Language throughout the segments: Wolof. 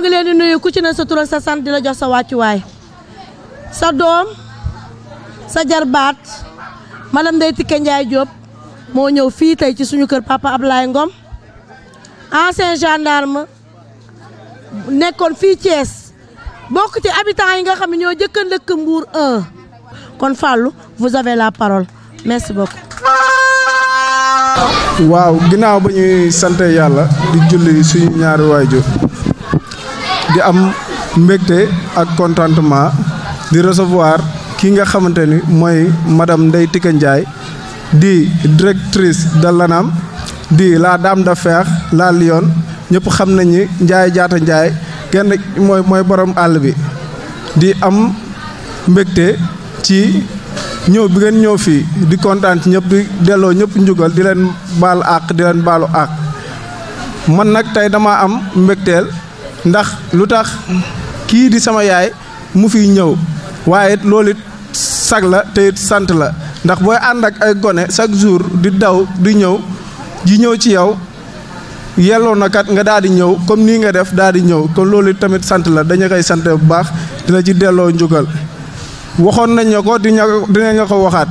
ngi leen di nuyu ku ci ne sa tural sa sant di la jox sa wàccuwaay sa doom sa jarbaat madame Ndeye Tické Ndiaye Diop moo ñëw fii tey ci suñu kër papa Ablaye Ngom ancien gendarme nekkoon fii Thiès bokk ci habitants yi nga xam ne ñoo jëkk a dëkk Mbour kon Fallou vous avez la parole merci beaucoup. waaw ginaaw ba ñuy sant yàlla di julli suñu ñaari waajur di am mbégte ak contentement di recevoir ki nga xamanteni moy madame ndey Tika di directrice de l'ANAM di la dame d'affaires la lion ñëpp xam nañ ni Ndiaye jaata Ndiaye kenn moy moy borom all bi di am mbekté ci ñëw bi gën fi di kontaan ci di delo ñëpp njugal di len bal ak di len balu ak man nak tay dama am mbektel ndax lu tax kii di sama yaay mu fiy ñëw waaye lool it sag la te sant la ndax booy ànd ak ay gone chaque jour di daw di ñëw di ñëw ci yow yelloo na kat nga daal di ñëw comme nii nga def daal di ñëw kon loolu tamit sant la dañu koy sant bu baax dina ci delloo njógal waxoon nañ ña ko dina dinañ ko waxaat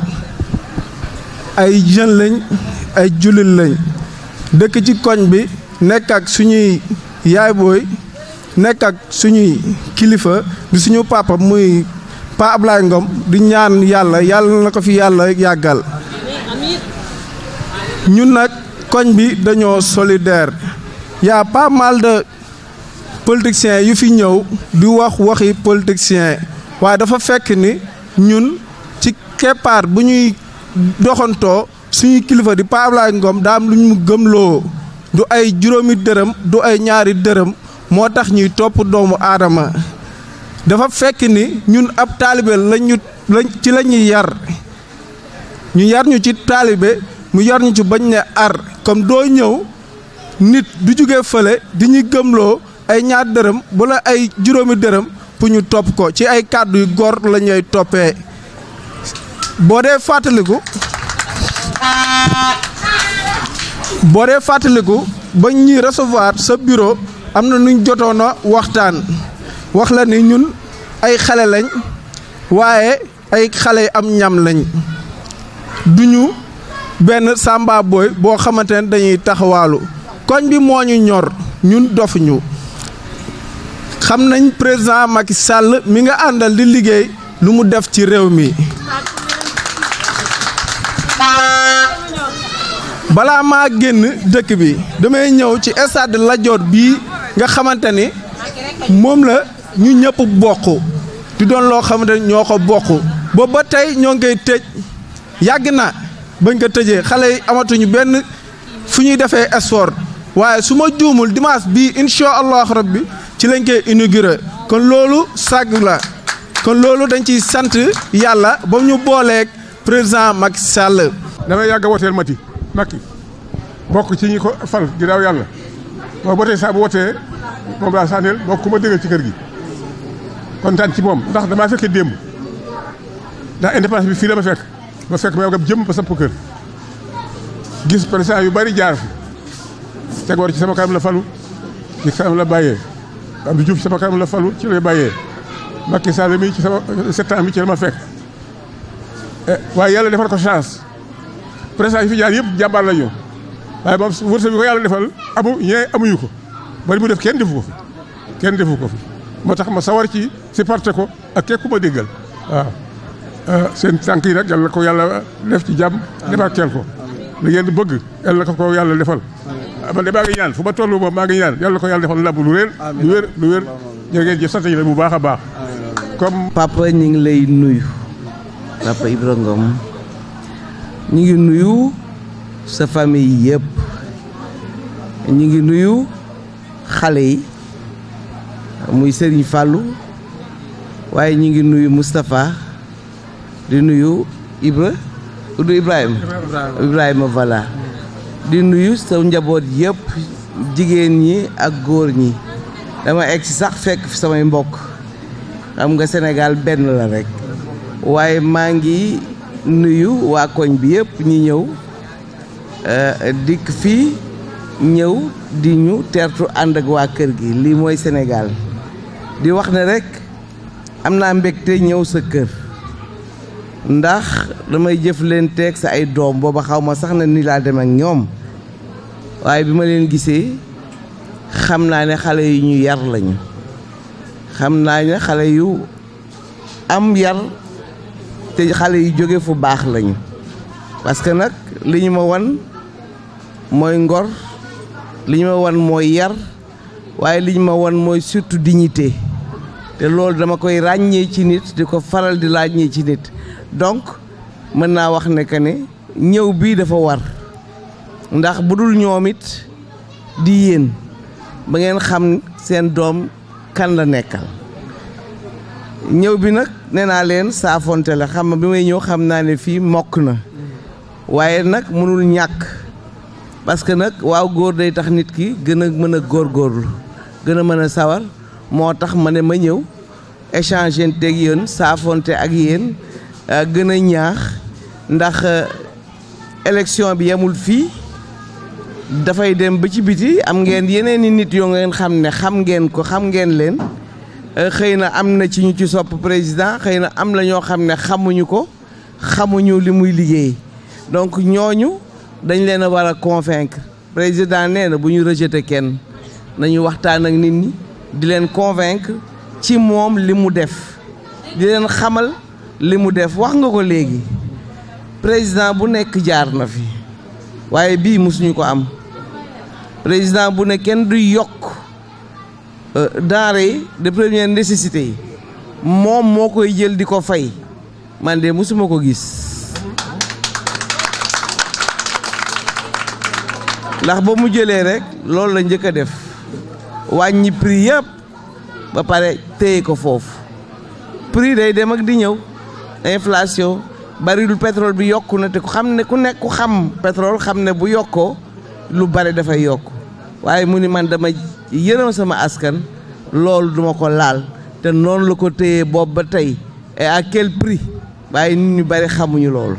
ay jeunes lañ ay jullit lañ dëkk ci koñ bi nekk ak suñuy yaay booy nek ak suñuy kilifa di suñu papa muy pa ablay Ngom di ñaan yalla yalla na ko fi yalla yagal ñun nak koñ bi dañoo solidaire ya pa mal de politiciens yu fi ñew di wax waxi politiciens wa dafa fekk ni ñun ci képar bu ñuy doxantoo suñu kilifa di pa ablay Ngom daam lu ñu gëmloo du ay juromi nyari du ay ñaari deureum moo tax ñuy topp doomu aadama dafa fekk ni ñun ab taalibe lañu ci la ñuy yar ñu yar ñu ci taalibe mu yar ñu ci bañ ne ar comme doo ñëw nit du jóge fale di ñu gëmloo ay ñaar dërëm wala ay juróomi dërëm pour ñu topp ko ci ay kàddu yu góor la toppee boo dee fàttaliku boo dee fàttaliku ba ñuy recevoir sa bureau am na nuñ jotoon a waxtaan wax la ni ñun ay xale lañ waaye ay xale am ñam lañ duñu benn sàmba boo xamante ne dañuy taxawaalu koñ bi moo ñu ñor ñun dofuñu xam nañ président Macky sàll mi nga àndal di liggéey lu mu def ci réew mi balaa maa génn dëkk bi damay ñëw ci estad Lat Dior bii nga xamante ni moom la ñu ñëpp bokk di doon loo xamante ñoo ko bokk boobu ba tey ñoo ngi koy tëj yàgg na bañ ko tëjee xale yi amatuñu benn fu ñuy defee sport waaye su ma juumul dimanche bii incha allahu rabbi ci lañ koy inauguré kon loolu sagg la kon loolu dañ ciy sant yàlla ba ñu booleek président Macky Sall. damay yàgg a woteel Mati Macky bokk ci ñi ko fal ginnaaw yàlla. moom ba tey saa bu wootee moom laa sànneel moo ma déggal ci kër gi kontaan ci moom ndax damaa fekk démb ndax indépendance bi fii la ma fekk ma fekk ma gab jëm ba samp kër gis président yu bari jaar fi Senghor ci sama kanam la falu ci kanam la bàyyee Abdou Diouf ci sama kanam la falu ci lay bàyyee Macky Sall mi ci sama euh, sept ans mi ci la ma fekk eh, waaye yàlla defar ko chance président yi fi jaar yëpp jàmbaar la waaye moom wërsëg bi ko yàlla defal amu ñee amuñu ko bari mu def kenn defu ko fi kenn defu ko fi moo tax ma sawar ci si parte ko ak képp ma déggal waaw euh, seen tànk yi nag yàlla na ko yàlla def ci jàmm defarteel ko li ngeen di bëgg yàlla na ko ko yàlla defal ah, man de maa ngi ñaan fu ma tollu moom maa ngi ñaan yàlla ko yàlla defal làmb lu réer lu wér lu wér jërë ngeen jëf sant la bu baax a baax comme papa ñu ngi lay nuyu papa ngi nuyu sa famille yépp ñi ngi nuyu xalé yi muy Serigne fallu waye ñi ngi nuyu mustapha di nuyu Ibra du Ibrahim. Ibrahim voilà di nuyu sa njabot yépp jigen ñi ak goor ñi dama ex sax fekk sama mbokk xam nga Sénégal benn la rek waye nuyu wa koñ bi yépp ñi ñëw Euh, dikk fii ñëw di ñu teertu ànd ak waa kër gi lii mooy senegaal di wax ne rekk am naa mbégte ñëw sa kër ndax damay jëf leen teg sa ay doom booba xaw ma sax na ni laa dem ak ñoom waaye bi ma leen gisee xam naa ne xale yu ñu yar lañu xam naa ne xale yu am yar te xale yu jóge fu baax lañu parce que nag li ñu ma wan mooy ngor li ñu ma wan mooy yar waaye li ñu ma wan mooy surtout dignité te loolu dama koy ràññee ci nit di ko faral di ràññee ci nit donc mën naa wax ne que ne ñëw bii dafa war ndax bu dul ñoom it di yéen ba ngeen xam seen doom kan la nekkal ñëw bi nag nee naa leen saafonte la xam bi may ñëw xam naa ne fii mokk na waaye nag mënul ñàkk parce que nag waaw góor day tax nit ki gën a mën a góor góorgóorlu gën a mën a sawar moo tax ma ne ma ñëw échanger teg yéen saafonte ak yéen euh, gën a ñaax ndax euh, élection bi yamul fii dafay dem ba ci biti am ngeen yeneen i nit yoo ngeen xam ne xam ngeen ko xam ngeen leen euh, xëy na am na ci ñu ci sopp président xëy na am na ñoo xam ne xamuñu ko xamuñu li muy liggéey donc ñooñu dañ leen a war a convaincre président nee na bu ñu rejeter kenn nañu waxtaan ak nit ñi di leen convaincre ci moom li mu def di leen xamal li mu def wax nga ko léegi président bu nekk jaar na fi waaye bii mosuñu ko am président bu ne kenn du yokk euh, denrée de première nécessité yi moom moo koy jël di ko fay man de mosuma ko gis ndax ba mu jëlee rek loolu la njëkk a def wàññi prix yëpp ba pare téye ko foofu prix day dem ak di ñëw inflation baril pétrole bi yokku na te ku xam ne ku nekk xam pétrole xam ne bu yokkoo lu bare dafay yokk waaye mu ni man dama yërëm sama askan loolu duma ko laal te noonu la ko téye boobu ba tey et à quel prix waaye nit ñu bari xamuñu loolu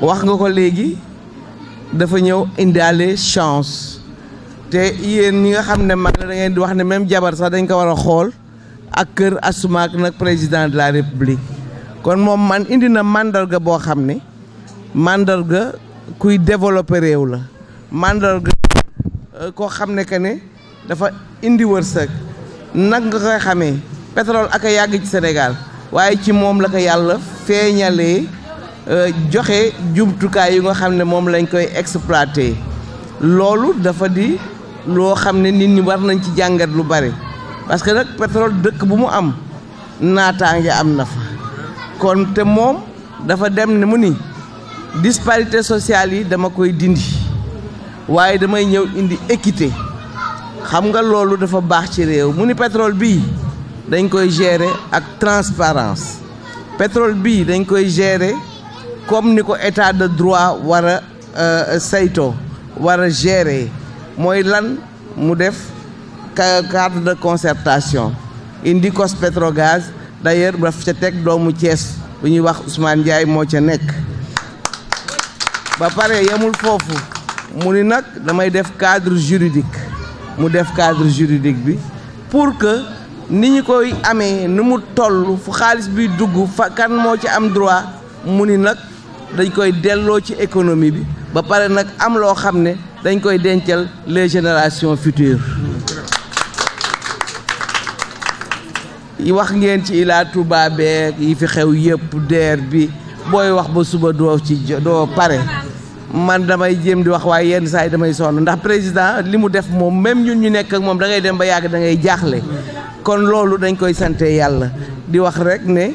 wax nga ko léegi dafa ñëw indaale chance te yeen ñi nga xamné ne mag la da wax ne même jabar sax dañ ko wara xol ak kër asumaak nak président de la république kon mom man indi na mandarga bo xamné ne mandarga kuy développer réew la mandarga euh, koo xam ne que né dafa indi wërsëg nak nga koy xamé pétrole ak a ci Sénégal waye ci mom la ko yalla feñalé Euh, joxe jumtukaay yi nga xamne mom lañ koy exploiter lolu dafa di lo xamne nit ñi war nañ ci petrol lu bari parce que nak pétrole dekk bu mu am naataange am na fa kon te mom dafa dem ni mu ni disparité sociale yi dama koy dindi waye damay ñew indi équité xam nga lolu dafa bax ci rew mu ni pétrole bi dañ koy gérer ak transparence pétrole bi dañ koy gérer comme ni ko état de droit war a euh, sayto war a gérer mooy lan mu def cadre de concertation indi cos pétrogaz d'ailleurs daf ca teg doomu Thiès bu ñuy wax usmaan Ndiaye moo ca nekk ba pare yamul foofu mu ni nag damay def cadre juridique mu def cadre juridique bi pour que ni ñu koy amee ni mu toll fu xaalis bi dugg fa kan moo ci am droit mu ni nag dañ koy dello ci économie bi ba paré nak am lo xamné dañ koy dencel les générations futures wax ngeen ci ila touba be yi fi xew yépp der bi boy wax ba suba do ci do pare man damay jëm di wax way yeen say damay son ndax président limu def mom même ñun ñu nekk ak mom da ngay dem ba yag da ngay jaxlé kon lolu dañ koy santé yalla di wax rek ne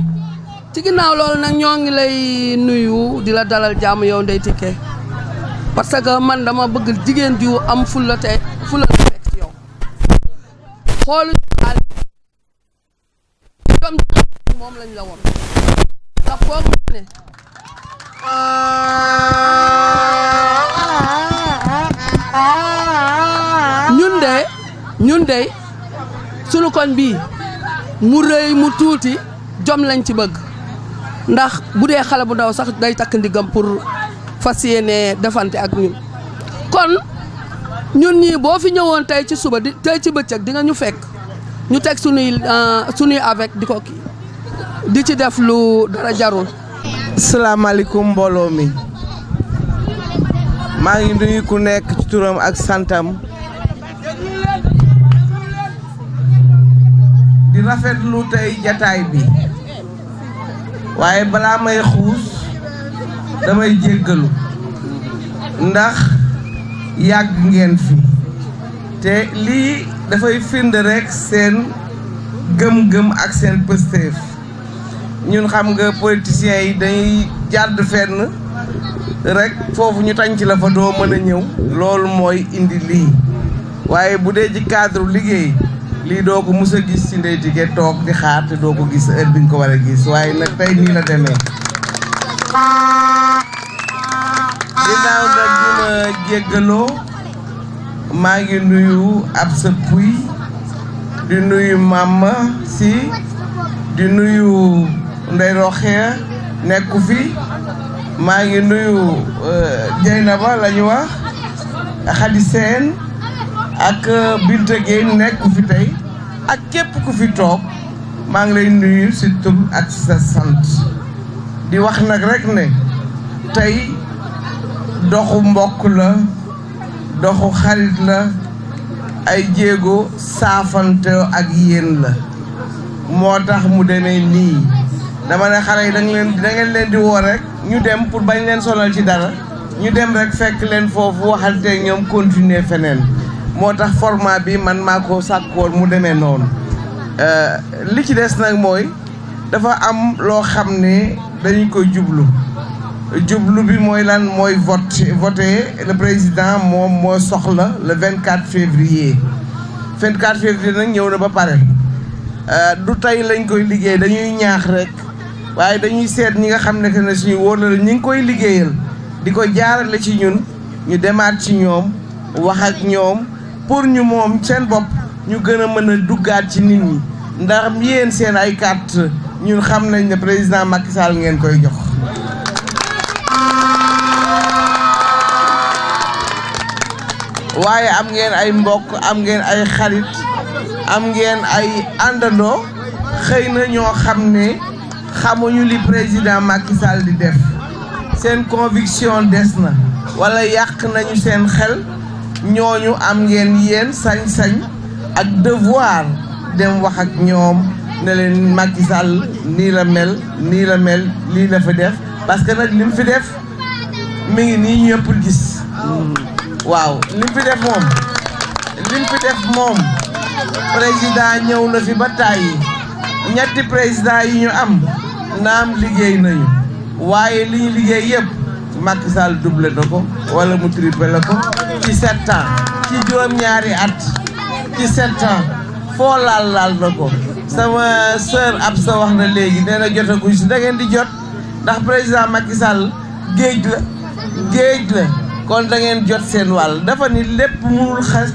ci ginnaaw loolu nag ñoo ngi lay nuyu di la dalal jàmm yow Ndeye Tické parce que man dama bëgg jigéen ju am fulla te fulla te fekk ci yow xoolu xaalis jom moom lañ la woon ndax foog na ne ñun de ñun de sunu koñ bii mu rëy mu tuuti jom lañ ci bëgg ndax budé dee bu ndaw sax day tak ndigam pour fas defante ak ñun kon ñun ñii bo fi ñëwoon tay ci suba tay tey ci bëccëg di nga ñu fekk ñu tek suñu euh, suñu avec diko ki di ci def lu dara jarul alaykum mbolo mi ma ngi nuyu ku nekk ci turam ak santam di rafetlu tay jotaay bi waaye balaa may xuus damay jéggalu ndax yàgg ngeen fi te lii dafay find rek seen gëm-gëm ak seen pësteef ñun xam nga politiciens yi dañuy jàdd fenn rek foofu ñu tànc la fa doo mën ñëw loolu mooy indi lii waaye bu dee ci cadre liggéey lii doo ko mos a gis ci Ndeye Tické toog di xaar te doo ko gis heure bi nga ko war a gis waaye nag tey nii la demee. ginnaaw nag ñu ma jéggaloo maa ngi nuyu ab sa puy di nuyu mama si di nuyu Ndeye Roxee nekku fi maa ngi nuyu Jeynaba euh, la lañu wax Xadi ak euh, Binta Gueye nekk fi tey ak képp ku fi toog maa ngi lay nuyu si tur ak sa sant di wax nag rek ne tey doxu mbokk la doxu xarit la ay jéego saafante ak yéen la moo tax mu demee nii dama ne xale yi da ngeen leen da leen di woo rek ñu dem pour bañ leen sonal ci dara ñu dem rek fekk leen foofu waxante ñoom continuer feneen moo tax format bi man maa ko sàkkoon mu demee noonu euh, li ci des nag mooy dafa am loo xam ne dañu koy jublu jublu bi mooy lan mooy vote voté le président moom moo soxla le 24 février 24 février nag ñëw na ba pare euh, du tey lañ koy liggéey dañuy ñaax rek waaye dañuy seet ñi nga xam ne que ne suñu wóor ñu ngi koy liggéeyal di ko jaarale ci ñun ñu demaat ci ñoom wax ak ñoom pour ñu moom seen bopp ñu gën a mën a duggaat ci nit ñi ndax yéen seen ay carte ñun xam nañ ne président Macky Sall ngeen koy jox waaye am ngeen ay mbokk am ngeen ay xarit am ngeen ay àndandoo xëy na ñoo xam ne xamuñu li président makisal Sall di def seen conviction des na wala yàq nañu seen xel ñooñu am ngeen yéen sañ-sañ ak devoir dem wax ak ñoom ne leen Macky Sall nii la mel nii la mel lii la fi def parce que nag li fi def mi ngi nii ñëpp gis waaw li mu fi moom li fi def moom président ñëw na fi ba tàyyi ñetti président yi ñu am naam liggéey nañu waaye li liggéey yëpp Macky Sall doublé na ko wala mu triplé ko ci sept ci juróom-ñaari at ci sept ans foo laal laal na ko sama sœur Absa wax na léegi nee na jotaguñ si da ngeen di jot ndax président Macky Sall géej la géej la kon da ngeen jot seen wàll dafa ni lépp mënul xas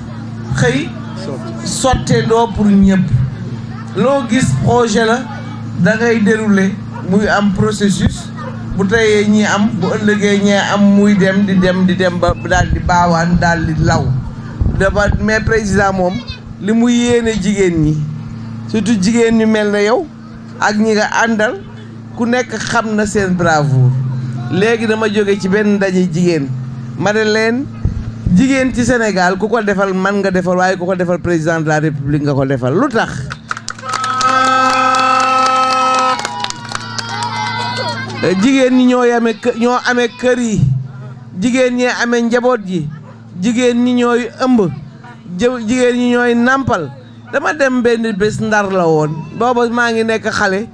xëy sotte doo pour ñëpp loo gis projet la da ngay dérouler muy am processus bu teyee ñii am bu ëllëgee ñee am muy dem di dem di dem ba daal di baawaan daal di law dafa mais président moom li mu yéene jigéen ñi surtout jigéen ñu mel na yow ak ñi nga àndal ku nekk xam na seen bravoure léegi dama jóge ci benn dañuy jigéen ma ne leen jigéen ci Sénégal ku ko defal man nga defal waaye ku ko defal président de la république nga ko defal lu tax Eh, jigen ni ñoo yame ñoo amé kër yi jigen ñi amé njabot yi jigen ni ñoy ëmb jigen ñi ñoy nampal dama dem ben bes ndar la won bobu ma ngi nek xalé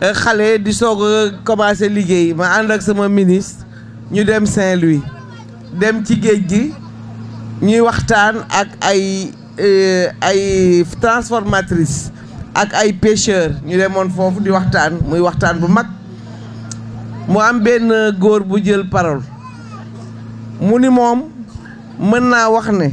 eh, xalé di sogo commencer liggéey ma and ak sama ministre ñu dem Saint-Louis dem ci geej gi ñi waxtaan ak ay eh, ay transformatrice ak ay pêcheur ñu demone fofu di waxtaan muy waxtaan bu mak mu am benn góor bu jël parol mu ni moom mën naa wax ne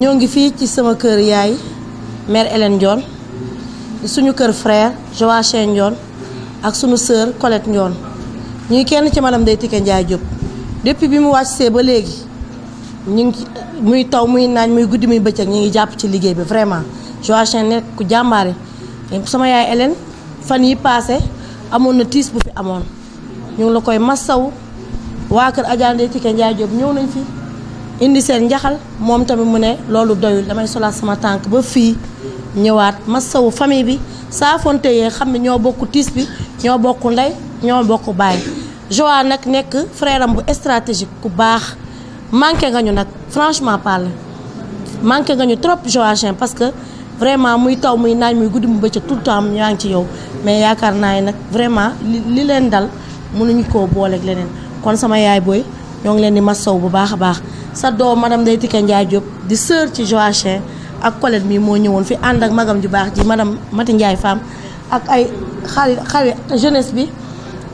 ñoo ngi fii ci sama kër yaay mère Hélène Ndione suñu kër frère Joachim Ndione ak suñu sœur Colette Ndione ñu ngi kenn ci madame Ndeye Tické Ndiaye Diop depuis bi mu wàccee ba léegi ñu ngi muy taw muy naaj muy guddi muy bëccëg ñu ngi jàpp ci liggéey bi vraiment Joachim nekk ku jàmbaare sama yaay Hélène fan yi paase amoon na tiis bu fi amoon ñu ngi la koy massaw waa kër Adja Ndeye Tické Ndiaye Diop ñëw nañ fi indi seen njaxal moom tamit mu ne loolu doyul damay solaat sama tànk ba fii ñëwaat ma masawu famille bi saafonte yee xam ne ñoo bokk tiis bi ñoo bokk ndey ñoo bokk baay Joa nag nekk frère bu stratégique ku baax manqué nga ñu nag franchement parle manqué nga ñu trop Joachim parce que vraiment muy taw muy naaj muy guddi mu bëccëg tout le temps yaa ngi ci yow mais yaakaar naa ne nag vraiment li leen dal mënuñu ko booleeg leneen kon sama yaay booy ñoo ngi leen di masaw bu baax a baax sa doom manam Ndeye Tické Ndiaye jóob di sœur ci Joachim ak Colette mii moo ñëwoon fi ànd ak magam ju baax ji madame Mati Ndiaye Femme ak ay xarit xarit jeunesse bi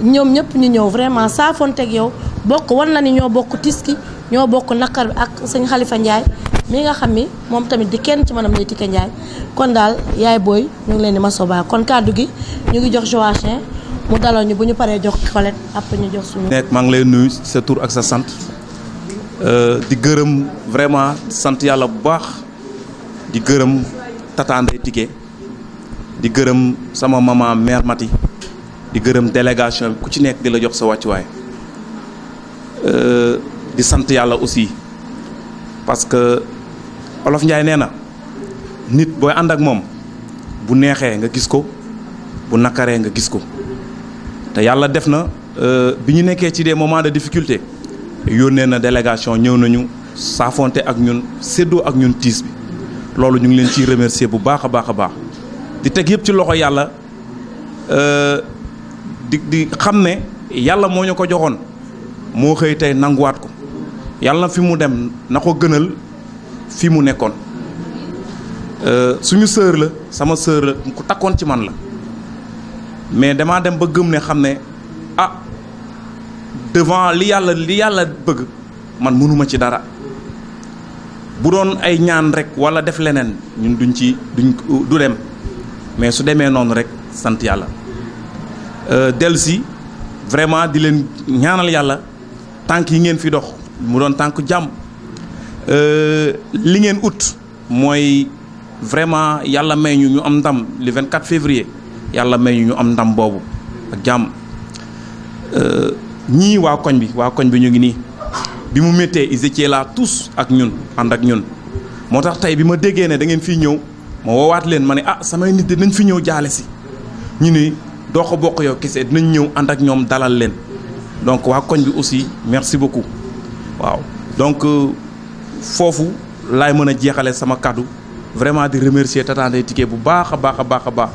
ñoom ñëpp ñu ñëw vraiment saafonteeg yow bokk wan la ni ñoo bokk tiski ñoo bokk naqar bi ak sëñ Khalifa Ndiaye mi nga xam ni moom tamit di kenn ci madame Ndeye Tické Ndiaye kon daal yaay booy ñu ngi leen di masaw baax kon kàddu gi ñu ngi jox Joachim mu daloo ñu bu ñu paree jox toilette app ñu jox suñu. nekk maa ngi lay nuyu sa tour ak sa sant euh, di gërëm vraiment sant yàlla bu baax di gërëm ndey tike di gërëm sama maman mère Mati di gërëm délégation ku ci nekk di la jox sa wàccuwaay euh, di sant yàlla aussi parce que olof Ndiaye nee na nit booy ànd ak moom bu neexee nga gis ko bu nakaree nga gis ko. te yàlla def na euh, bi ñu nekkee ci des moments de difficulté yónnee na délégation ñëw nañu saafonte ak ñun séddoo ak ñun tiis bi loolu ñu ngi leen ciy remercier bu baax a baax a baax di teg yëpp ci loxo yàlla euh, di di xam ne yàlla moo ñu ko joxoon moo xëy tey nanguwaat ko yàlla fi mu dem na ko gënal fi mu nekkoon euh, suñu sœur la sama sœur la ko takkoon ci man la mais je dem ba ne ah devant li yalla li yalla bëgg man mënuma ci dara ay ñaan rek wala def lenen ñun duñ ci mais su sont non rek sant euh delsi vraiment di len ñaanal yalla tank yi ngeen fi dox mu doon euh, li ngeen ut moy vraiment yalla may ñu ñu le 24 février Yalla may ñu am ndam ni ak euh ñi wa koñ bi wa koñ bi ñu ngi ils étaient là tous ak ñun and ak ñun motax tay bi da ngeen ah fi si ñu ni bokk yow ak dalal donc wa koñ bi aussi merci beaucoup waaw donc vous euh, lay mëna jéxalé sama cadeau vraiment di remercier Tata Ndeye Tické bu baaxa baaxa baaxa baaxa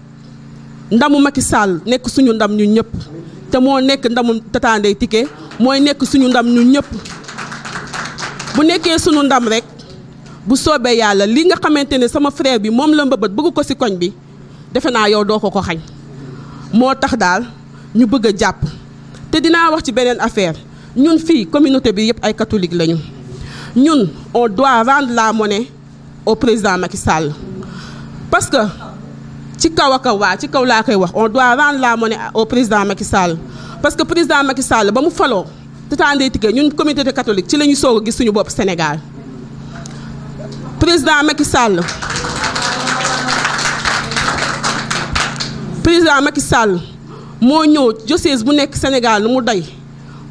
ndamu Macky Sall nekk suñu ndam ñun ñëpp te moo nekk ndamu Tata Ndeye mooy nekk suñu ndam ñun ñëpp bu nekkee suñu ndam rek bu soobee yàlla li nga xamante ne sama frère bi moom la mbëbët bëggu ko ci koñ bi defe naa yow doo ko ko xañ moo tax daal ñu bëgg a jàpp te dinaa wax ci beneen affaire ñun fii communauté bi yëpp ay catholique lañu ñun on doit rendre la monnaie au président Macky Sall ci on doit rendre la monnaie au président Macky Sall parce que président Macky Sall ba mu faloo ñun communauté catholique ci la ñu a gis suñu Sénégal président Macky Sall président Macky Sall moo ñëw bu Sénégal nu mu day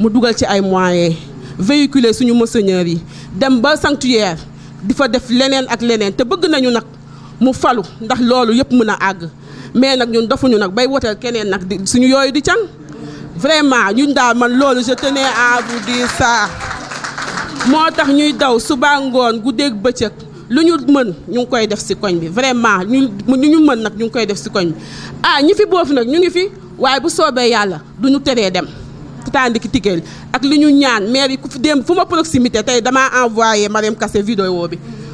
mu dugal ci ay moyens véhiculer suñu yi dem ba sanctuaire di def leneen ak te bëgg nañu nag mu falu ndax loolu yëpp mën a àgg mais nag ñun dafuñu nag bay woteel keneen nag di suñu yooyu di can vraiment ñun daal man loolu sa tenais à vous dire moo tax ñuy daw suba ngoon guddeeg bëccëg lu ñu mën ñu ngi koy def si koñ bi vraiment ñu ñu ñu mën nag ñu ngi koy def si koñ bi ah ñi fi boofu nag ñu ngi fi waaye bu soobee yàlla du ñu teree dem tandiki tikkeel ak li ñu ñaan maire yi ku fi dem fu ma proximité tey damaa envoyé Mariam Kassé vidéo bi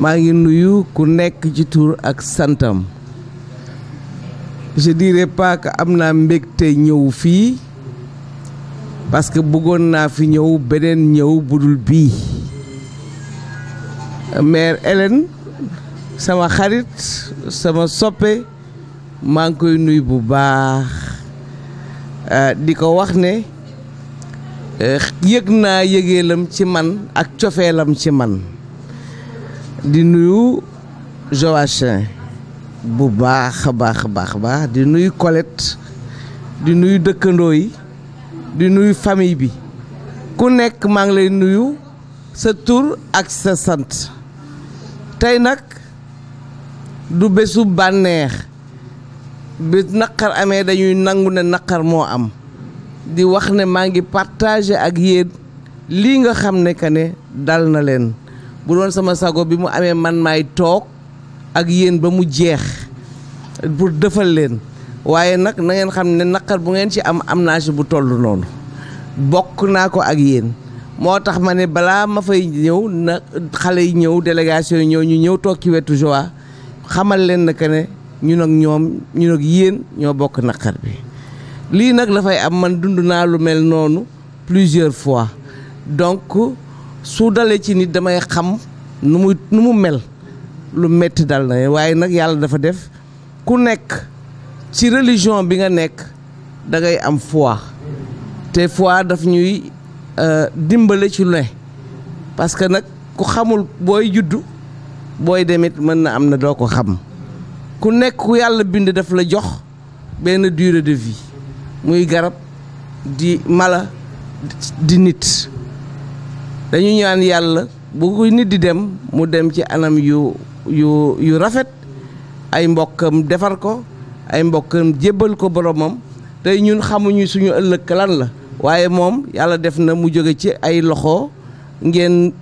maa ngi nuyu ku nekk ci tur ak santam je dirais pas que am naa mbégte ñëw fii parce que bëggoon naa fi ñëw beneen ñëw bu dul bii mère Hélène sama xarit sama soppe maa ngi koy nuyu bu baax euh, di ko wax ne euh, yëg naa yëgeelam ci man ak cofeelam ci man di nuyu Joachim bu baax baax baax baax di nuyu Colette di nuyu dëkkandoo yi di nuyu famille bi ku nekk maa ngi lay nuyu sa tur ak sa sant tey nag du bésu bànneex bi naqar amee dañuy nangu ne naqar moo am di wax ne maa ngi partager ak yéen lii nga xam ne que ne dal na leen bu doon sama sago bi mu amee man maay toog ak yéen ba mu jeex pour defal leen waaye nag nangeen xam ne naqar bu ngeen ci am am naa ci bu toll noonu bokk naa ko ak yéen moo tax ma ne balaa ma fay ñëw na xale yi ñëw délégation yi ñëw ñu ñëw toog ci wetu joie xamal leen ne que ne ñun ñoom ñun ak yéen ñoo bokk naqar bi lii nag dafay am man dund naa lu mel noonu plusieurs fois donc su dalee ci nit damay xam nu muy nu mu mel lu metti dal na waaye nag yàlla dafa def ku nekk ci religion bi nga nekk da ngay am fois te fois daf ñuy euh, dimbale ci lu ne parce que nag ku xamul booy juddu booy demit mën na am na doo ko xam ku nekk ku yàlla bind daf la jox benn durée de vie muy garab di mala di nit dañu ñaan yàlla bu ko nit di dem mu dem ci anam yu yu yu rafet ay mbokkam defar ko ay mbokkam jébbal ko boromam tey ñun xamuñu suñu ëllëg lan la waaye moom yàlla def na mu jóge ci ay loxo ngeen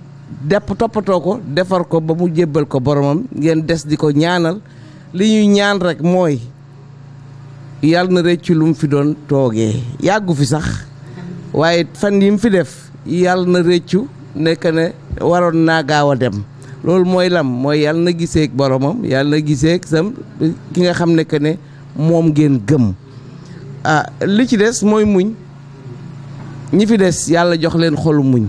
depp toppatoo ko defar ko ba mu jébbal ko boromam ngeen des di ko ñaanal li ñuy ñaan rek mooy yàlla na rëcc lu mu fi doon toogee yàggu fi sax waaye fan yi fi def yàlla na rëccu nekk ne waroon naa gaaw a dem loolu mooy lam mooy yàlla na giseeg boromam yàlla na giseeg sam ki nga xam ne que ne moom ngeen gëm ah li ci des mooy muñ ñi fi des yàlla jox leen xolu muñ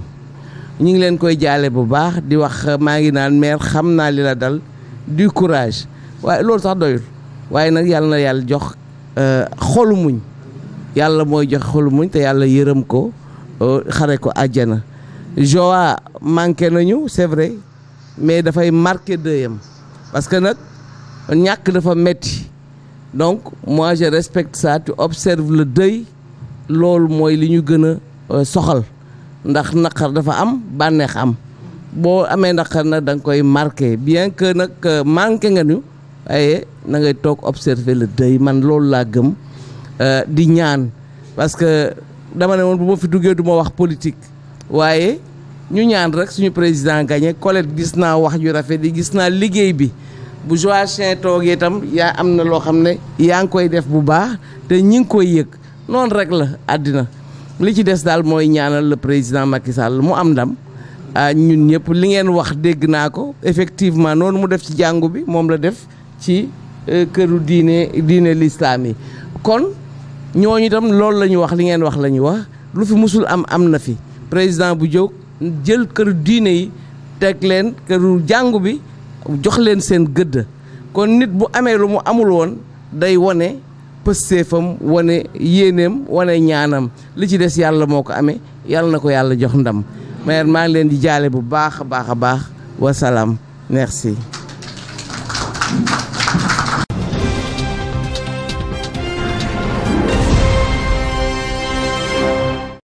ñi ngi leen koy jaale bu baax di wax maa ngi naan meer xam naa li la dal du courage waaye loolu sax doyul waaye nag yàlla na yàlla jox euh, xolu muñ yàlla mooy jox xolu muñ te yàlla yërëm ko euh, xare ko àjjana Joa manqué nous, c'est vrai mais marquer. marqué deuxième parce que dafa metti donc moi je respecte ça tu observes le deuil lol fait li ñu euh, soxal am koy marqué bien que nak euh, manqué nga na observer le deuil man lool la gëm euh, di parce que dama ne won bu du politique ñu ñaan rek suñu président gagné Colette gis naa wax ju rafet yi gis naa liggéey bi bu Joachim toogee itam yaa am na loo xam ne yaa ngi koy def bu baax te ñi ngi koy yëg noonu rek la àddina li ci des daal mooy ñaanal le président Macky Sall mu am ndam ah, ñun ñëpp li ngeen wax dégg naa ko effectivement noonu mu def ci jàngu bi moom la def ci euh, këru diine diine lislaam yi kon ñooñu itam loolu la ñu wax li ngeen wax la ñu wax lu fi musul am am na fi président bu jóg jël këru diine yi teg leen këru jàngu bi jox leen seen gëdd kon nit bu amee lu mu amul woon day wane pëstéefam wane yéeneem wane ñaanam li ci des yàlla moo ko amee yàlla na ko yàlla jox ndam maire maa ngi leen di jaale bu baax a baax a baax wasalaam merci